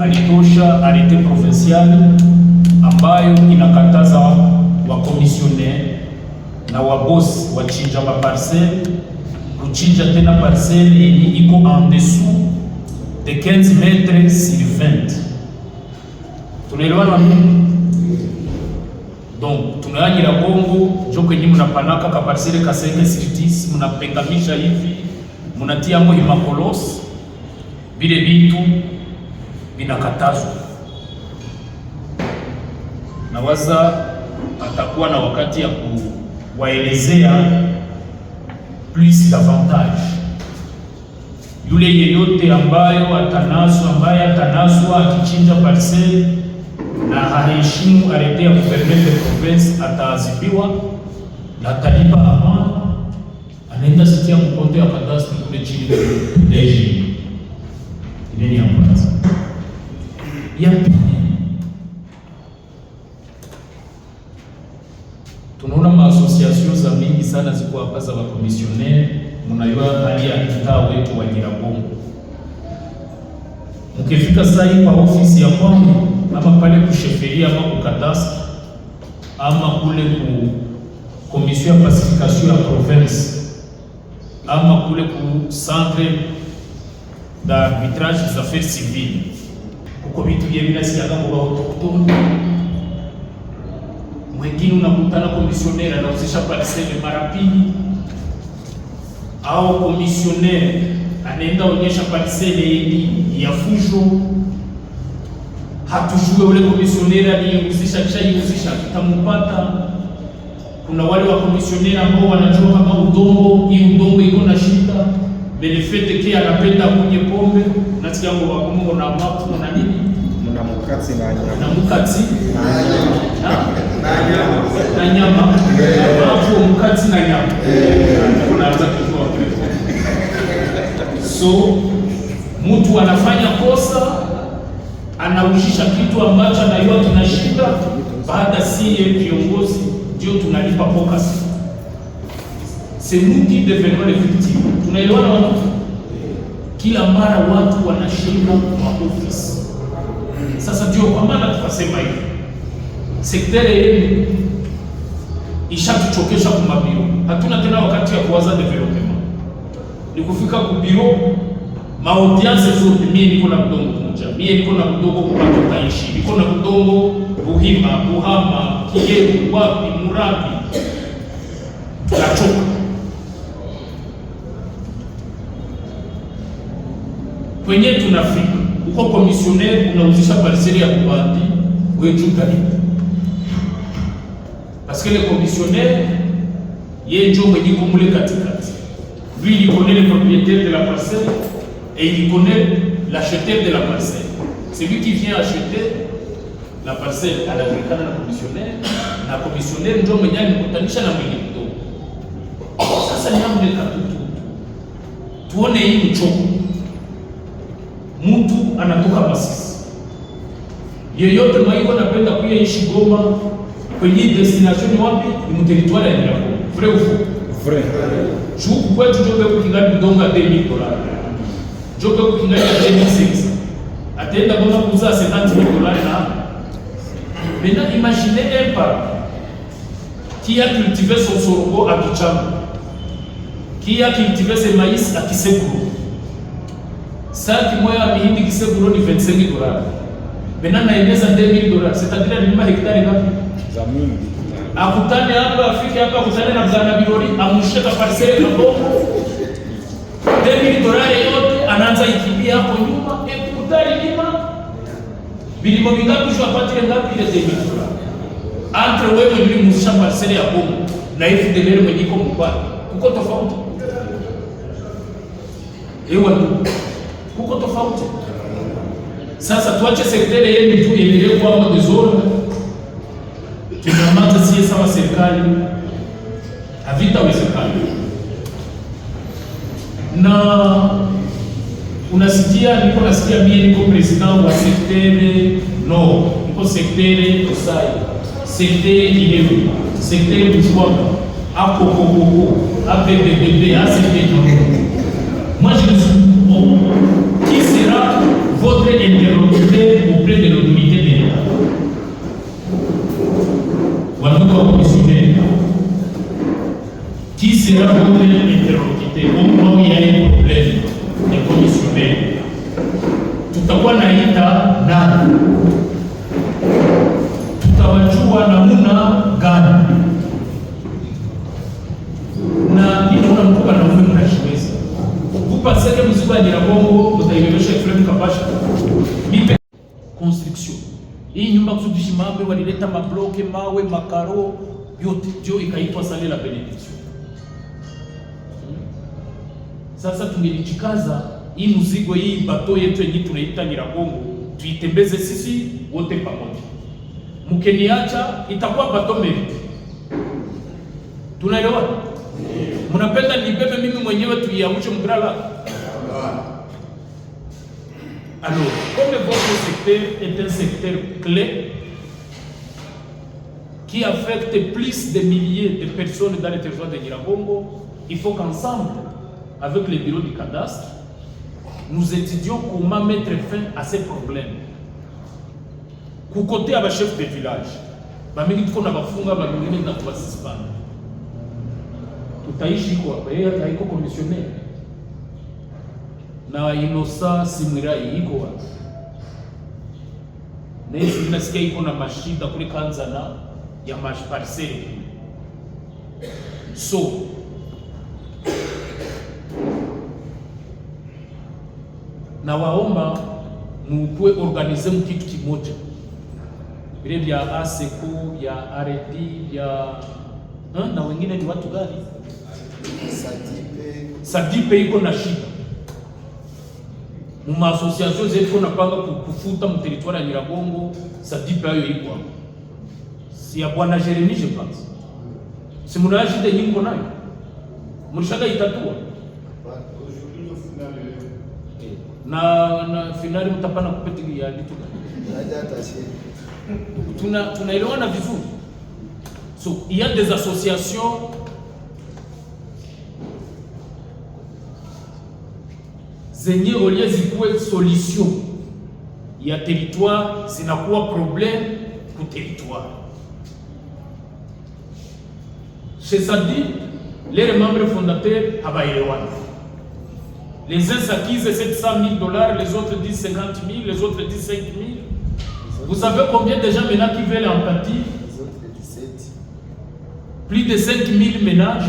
alitosha arete provincial ambayo inakataza wa wakomisioner na wabosi wachinja maparcele kuchinja tena parcele yenye iko en dessous de 15 metres sur 20. Tunaelewana? Donc tunayanyira Kongo njo kwenye munapanaka ka parcele ka 5 sur 10 munapengamisha hivi munatiamo imakolos bile bitu vinakatazwa. Nawaza atakuwa na wakati ya kuwaelezea plus davantage yule yeyote ambayo atanaswa ambaye atanaswa akichinja parcel na haheshimu arete ya guverneur de province ataadhibiwa na atalipa amana, anaenda sitia mkonde ya kadastri kule chini deji. Ile ni ya pili, tunaona maasosiasio za mingi sana ziko hapa za wakomisioneri. Mnajua hali ya kitaa wetu wa Nyiragongo, mkifika saa hii kwa ofisi ya kwangu ama pale kusheferia ama kukatasa ama kule ku komision ya pacification ya province ama kule ku centre d'arbitrage des affaires civiles uko vitu vya bila sijaga kuba kutokutoka mwingine unakutana komisioneri anahusisha parcele mara pili, au komisioneri anaenda onyesha parcele hii ya fujo. Hatujue ule komisioneri aliyehusisha kishaihusisha tutampata. Kuna wale wa komisionera ambao wanajua kama udongo hii udongo iko na shida benefete ke anapenda kunye pombe nasikia ngo wakumungo na mafu na nini na mukati na nyama hapo, mukati na nyama unaweza kujua kule. So mtu anafanya kosa, anauhisha kitu ambacho anajua kinashinda, baada si ye viongozi ndio tunalipa focus c'est nous qui devenons les victimes. Tunaelewana, kila mara watu wanashindwa ofisi sekretari yenu ishatuchokesha kumabiro, hatuna tena wakati ya kuwaza development, ni kufika kubiro maodianse zote. Mie niko na mdongo mmoja, mie niko na mdongo kutaishi, niko na mdongo Buhima, Buhama, Kiyeu, wapi Murabi, tunachoka kwenye tunafika uko komisioneri unauzisha parseli ya kubandi wejutai Parce que le commissionnaire, il est katikati. Lui, il connaît le propriétaire de la parcelle et il connaît l'acheteur de la parcelle. C'est lui qui vient acheter la parcelle à l'agriculteur, la commissionnaire. La commissionnaire, nous avons mkutanisha na mwenye moutou Sasa ni amri katutu. Tuone Y mchoko. Mtu anatoka Masisi. Yeyote maigo anapenda kuya un Goma kwenye destination wapi? Ni mteritwari ya Nyiragongo. Vrai ou faux? Vrai. Juku kwetu jobe kukingali mdongo ya 2000 dollars. Jobe kukingali ya 2600. Atenda bona kuza 70 dollars na. Maintenant imaginez un parent qui a cultivé son sorgho à Kichamba, qui a cultivé ses maïs à Kisekuro. Saki moya ya mihindi Kisekuro ni 25 dollars. Maintenant naendeza 2000 dollars. C'est-à-dire alilima hektari ngapi? za Mungu. Akutane hapa, afike hapa, akutane na mzanabirori, amushike kwa parcele na bongo. Deni dorare yote anaanza ikibia hapo nyuma, ekutari nyuma. Bilimo mingapi sio apatile ngapi ile deni dorare. Entre wewe ni mshika parcele ya bongo na hivi deni mwenye iko mkwani. Kuko tofauti. Ewa ndugu. Kuko tofauti. Sasa tuache sekteri yenu tu iendelee kuwa mdezoro lazima ziwe sawa serikali, havitawezekana. Na unasikia, niko nasikia mie niko president wa sektere no, niko sektere osai sektere Kiheru, sektere Buchwaka, akokokoko apepepepe asekteto moi je c'est la nouvelle interlocutée. Mungu problème tutawajua namuna gani, na inaona mkuba na uwe mnashiweza kukupa mipe construction hii nyumba mawe, walileta mabloke mawe makaro yote, ndio ikaitwa sale la benediction Sasa tungejikaza hii mzigo hii bato yetu yenye tunaita Nyiragongo tuitembeze sisi wote pamoja. Mkeniacha itakuwa bato mbili. Tunaelewa? Mnapenda nibebe mimi mwenyewe tuiamshe mgrala? Alors, comme votre secteur est un secteur clé qui affecte plus de milliers de personnes dans le territoire de Nyiragongo, il faut qu'ensemble avec les bureaux du cadastre, nous étudions comment mettre fin à ces problèmes. Du côté ma chef de village, bamengi tuko na bafunga bamengi na kubasispana. Tutaishi kwa yeye haiko commissionnaire. Na Inosa Simirai iko wapi? Nesi nasikia iko na mashida kule Kanzana ya mash parcelle. So, na waomba mukuwe organize mu kimoja, vile vya aseku ya RD ya ha, na wengine ni watu gani? Sadipe iko na shida mu zetu, napanga kufuta mu ya Nyiragongo. Sadipe ayo iko hapo, si ya bwana Jeremie je pense, si mnayo shida nyingi nayo, mlishaka itatua na na finali mtapana kupeti ya kitu tuna tunaelewana vizuri. So il y a des associations zenye olie zikuwe solution ya territoire, zinakuwa problème ku territoire. Chez Sadi, les membres fondateurs habaelewani les uns s'acquisent 700 000 dollars, les autres disent 50 000, les autres disent 5 000. Vous savez combien de gens maintenant qui veulent l'empathie Plus de 5 000 ménages,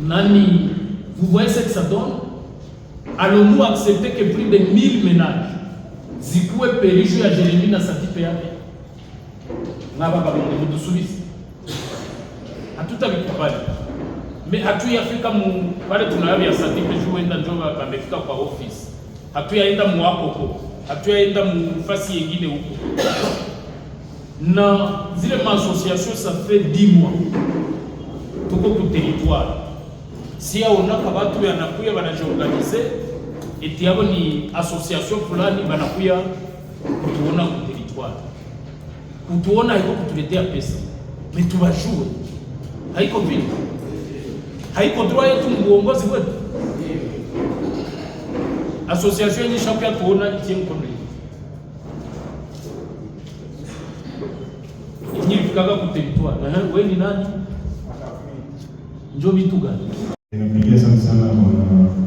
Nani, vous voyez ce que ça donne Allons-nous accepter que plus de 1000 ménages zikuwe perishu ya Jeremie na Satipe yake na baba hatuta hatutabikubali me hatu ya fika mu pale ya Satipe juu enda njo bamefika kwa office, hatu ya enda hatu ya enda mufasi yengine huko na zile maasociation sa fe 10 mois tuko ku territoire siaonaka batu yanakuya wanajiorganize eti hao ni association fulani banakuya kutuona ku territoire, kutuona haiko kutuletea pesa, metubajue haiko vile, haiko droit yetu muongozi wetu. Association yenye shakuya tuona itie mkono yenye ku territoire. Ehe, wewe ni nani? Njoo vitu gani? sana sana bwana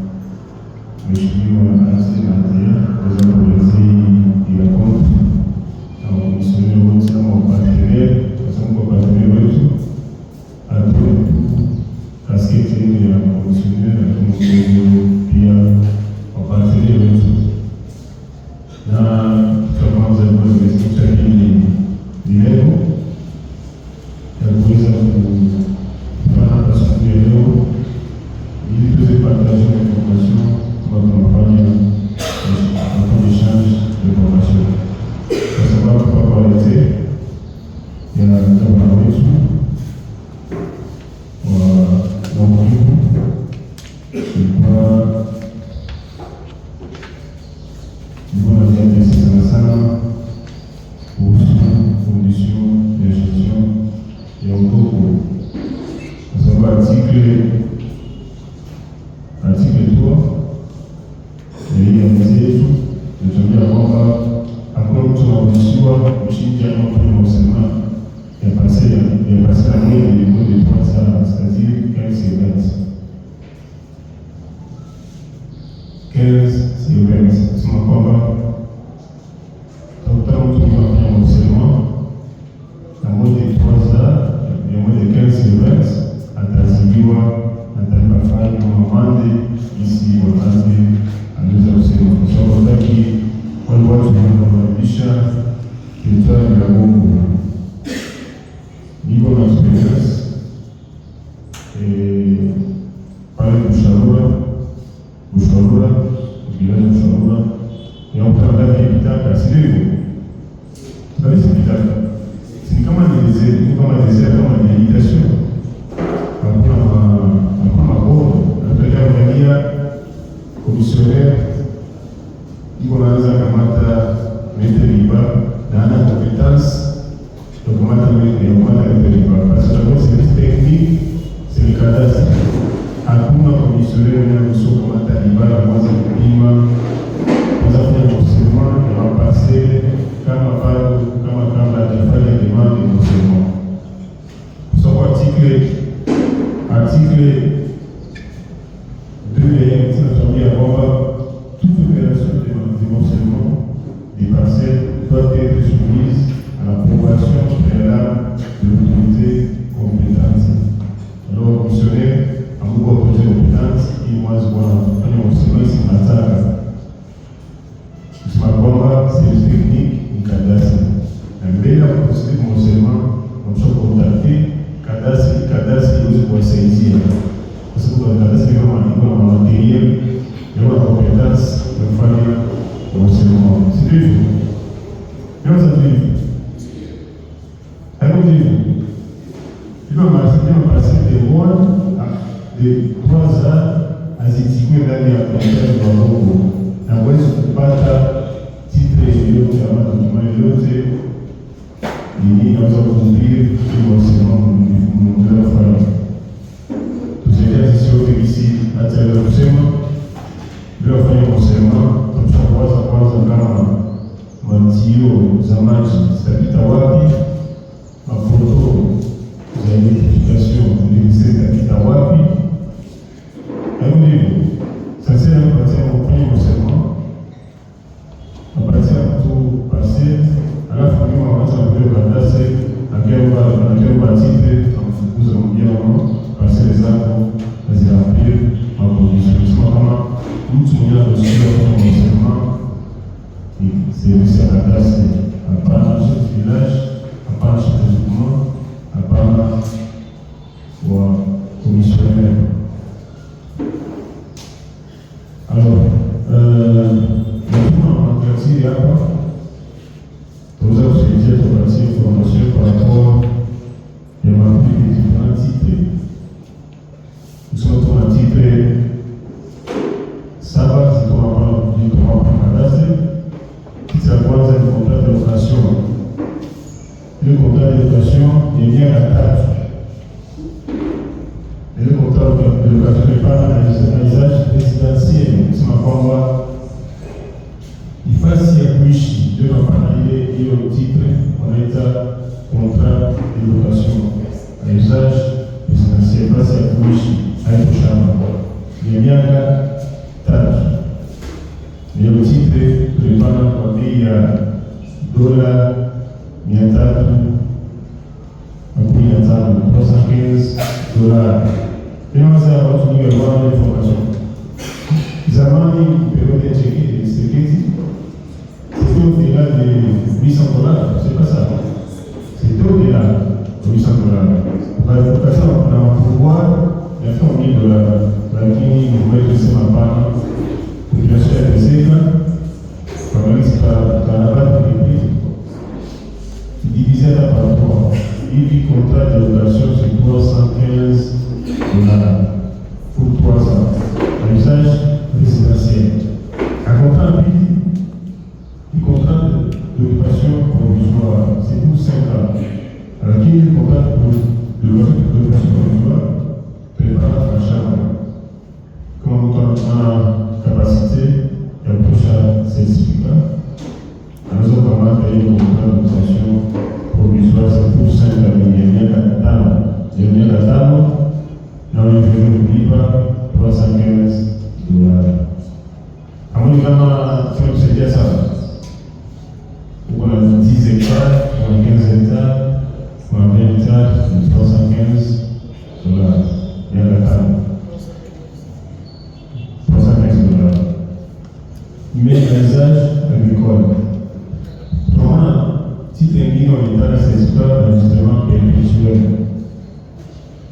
résultat instrument perpétuel.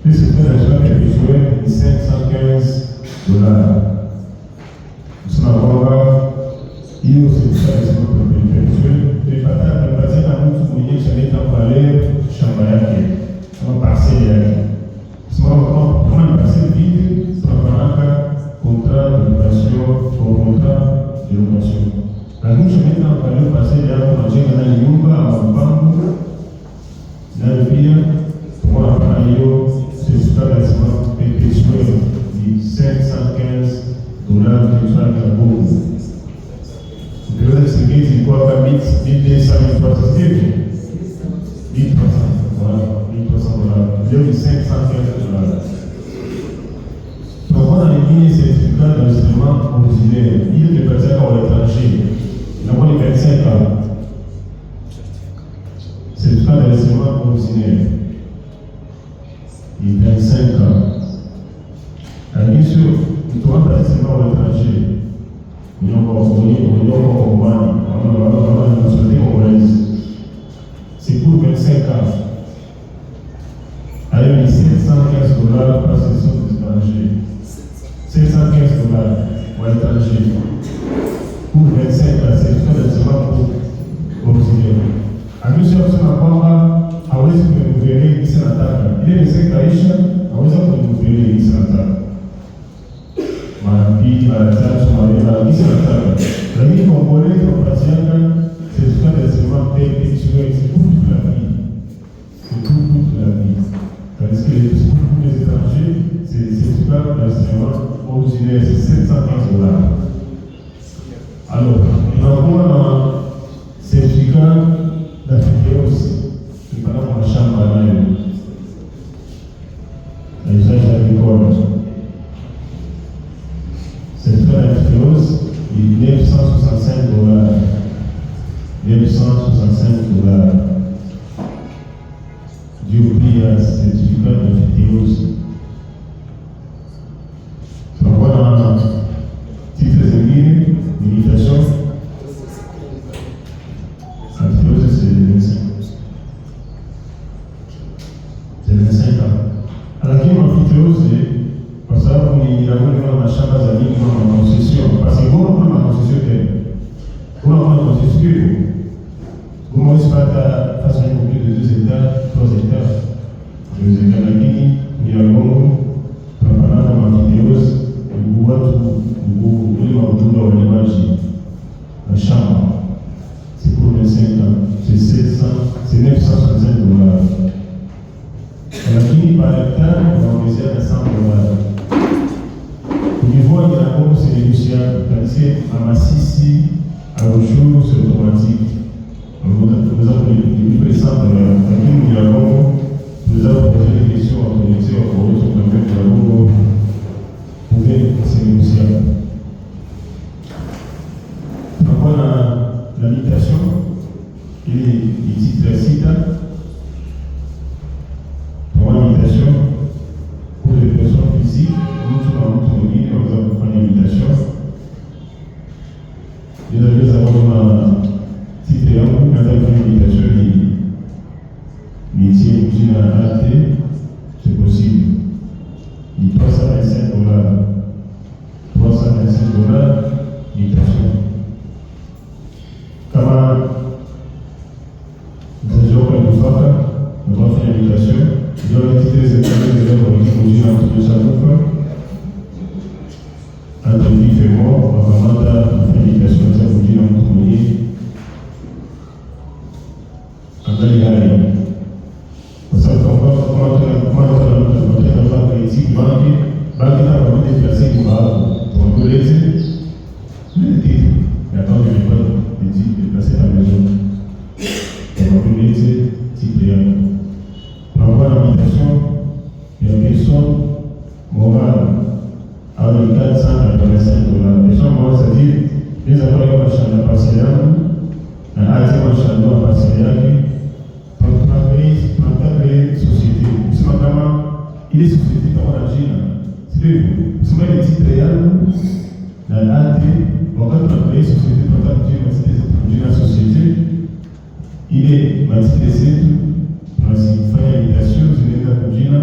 Et C'est un instrument perpétuel de 515 dollars. kuzilewa. Hiyo ni pezeka na etranger inakuwa ni pezeka Center Oh, my God. ile matinde zetu tunazifanya imitation zinaenda kujina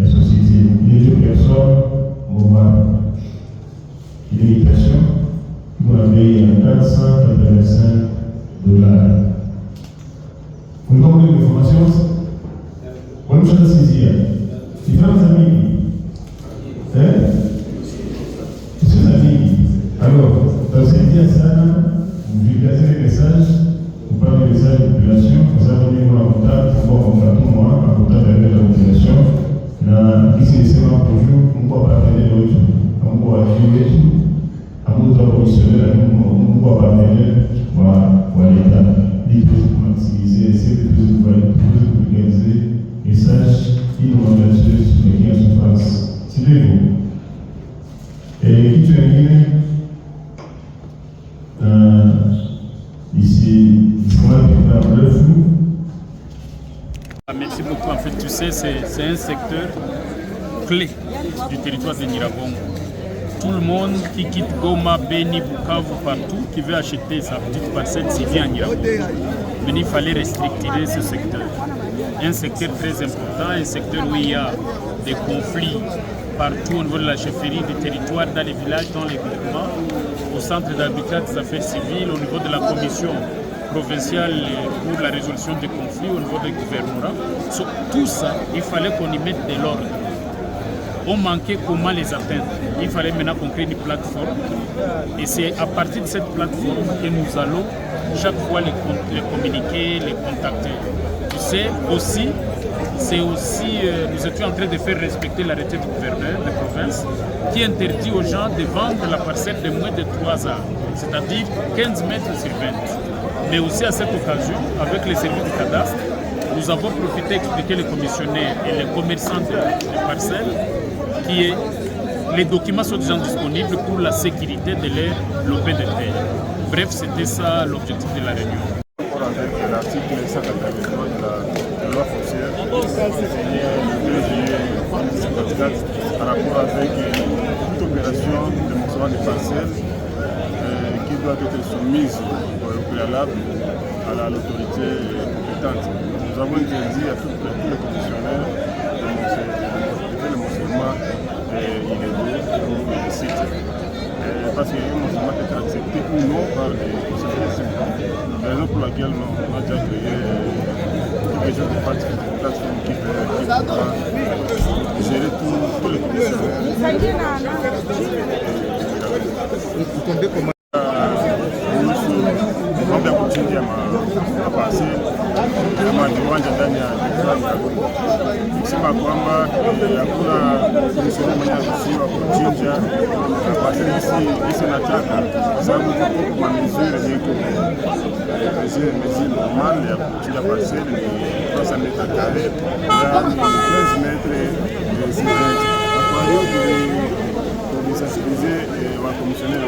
ya societe ilejo person morale. Ile imitation iko na bei ya 485 dolari. Kungamule informations wanamshatasizia ifranza mingi eh Merci beaucoup. En fait, tu sais, c'est un secteur clé du territoire de Nyiragongo. Tout le monde qui quitte Goma, Beni, Bukavu, partout, qui veut acheter sa petite parcelle, s'y vient à Nyiragongo. Mais il fallait restricter ce secteur un secteur très important, un secteur où il y a des conflits partout au niveau de la chefferie des territoire, dans les villages, dans les gouvernements, au centre d'habitat des affaires civiles, au niveau de la commission provinciale pour la résolution des conflits, au niveau des gouvernements. tout ça, il fallait qu'on y mette de l'ordre. On manquait comment les atteindre. Il fallait maintenant qu'on crée une plateforme. Et c'est à partir de cette plateforme que nous allons chaque fois les communiquer, les contacter c'est aussi, c'est aussi euh, nous étions en train de faire respecter l'arrêté du gouverneur de province qui interdit aux gens de vendre la parcelle de moins de 3 ans, c'est-à-dire 15 mètres sur 20. Mais aussi à cette occasion, avec les services du cadastre, nous avons profité d'expliquer les commissionnaires et les commerçants de, la parcelles qui est les documents sont déjà disponibles pour la sécurité de l'air lopé de terre. Bref, c'était ça l'objectif de la réunion. par rapport avec euh, toute opération de de parcelles euh, qui doit être soumise au préalable à l'autorité euh, compétente. Nous avons interdit à tous les professionnels de de Parce que le accepté ou non par les pour laquelle on a déjà Ayrıca Entender como é metros, para 2 metros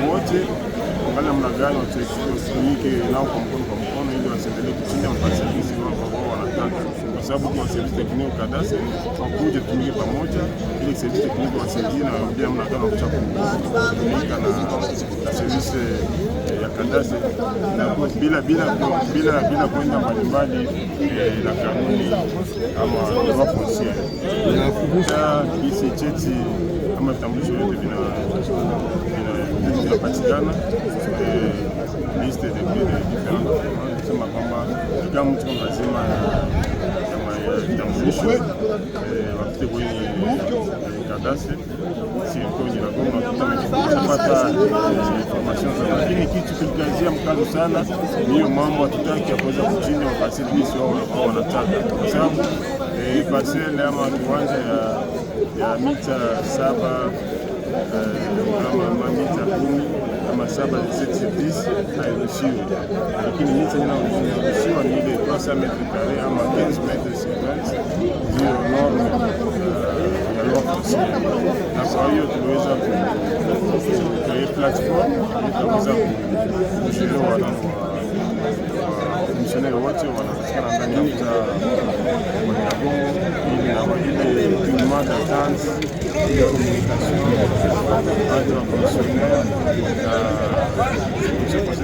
wote angali namna gani wasitumike nao kwa mkono kwa mkono, ili wasiendelee kuchinja mpaka sisi wao sababu kwa service technique kadasa wakuje tumie pamoja, ili service technique wasaidie na kama mnataka kutumika na service eh, ya kadase na bila bila bila bila kwenda mbalimbali eh, na kanuni ama droit kusia na kisi cheti kama vitambulisho vyote vinapatikana eh, liste de différents documents, kusema kwamba kila mtu lazima itamushwe bafite kuri kadase siko inagoma lakini kitu kilikazia mkazo sana niyo mambo, hatutaki ya kuweza kuchinja wafasilisi wao ambao wanataka, kwa sababu eh, parcele ama kiwanja ya mita saba eh, ama mita kumi kama saba na hairuhusiwi, lakini miti inayoruhusiwa ni ile trois metres carre ama 15 metres ndiyo norme ya lokasi. na kwa hiyo tuliweza kucree platform itaweza kushule wana wamisioneri uh, wote wanapatikana ndani za mtaa wa na ili d'alternance et de communication entre consommateurs.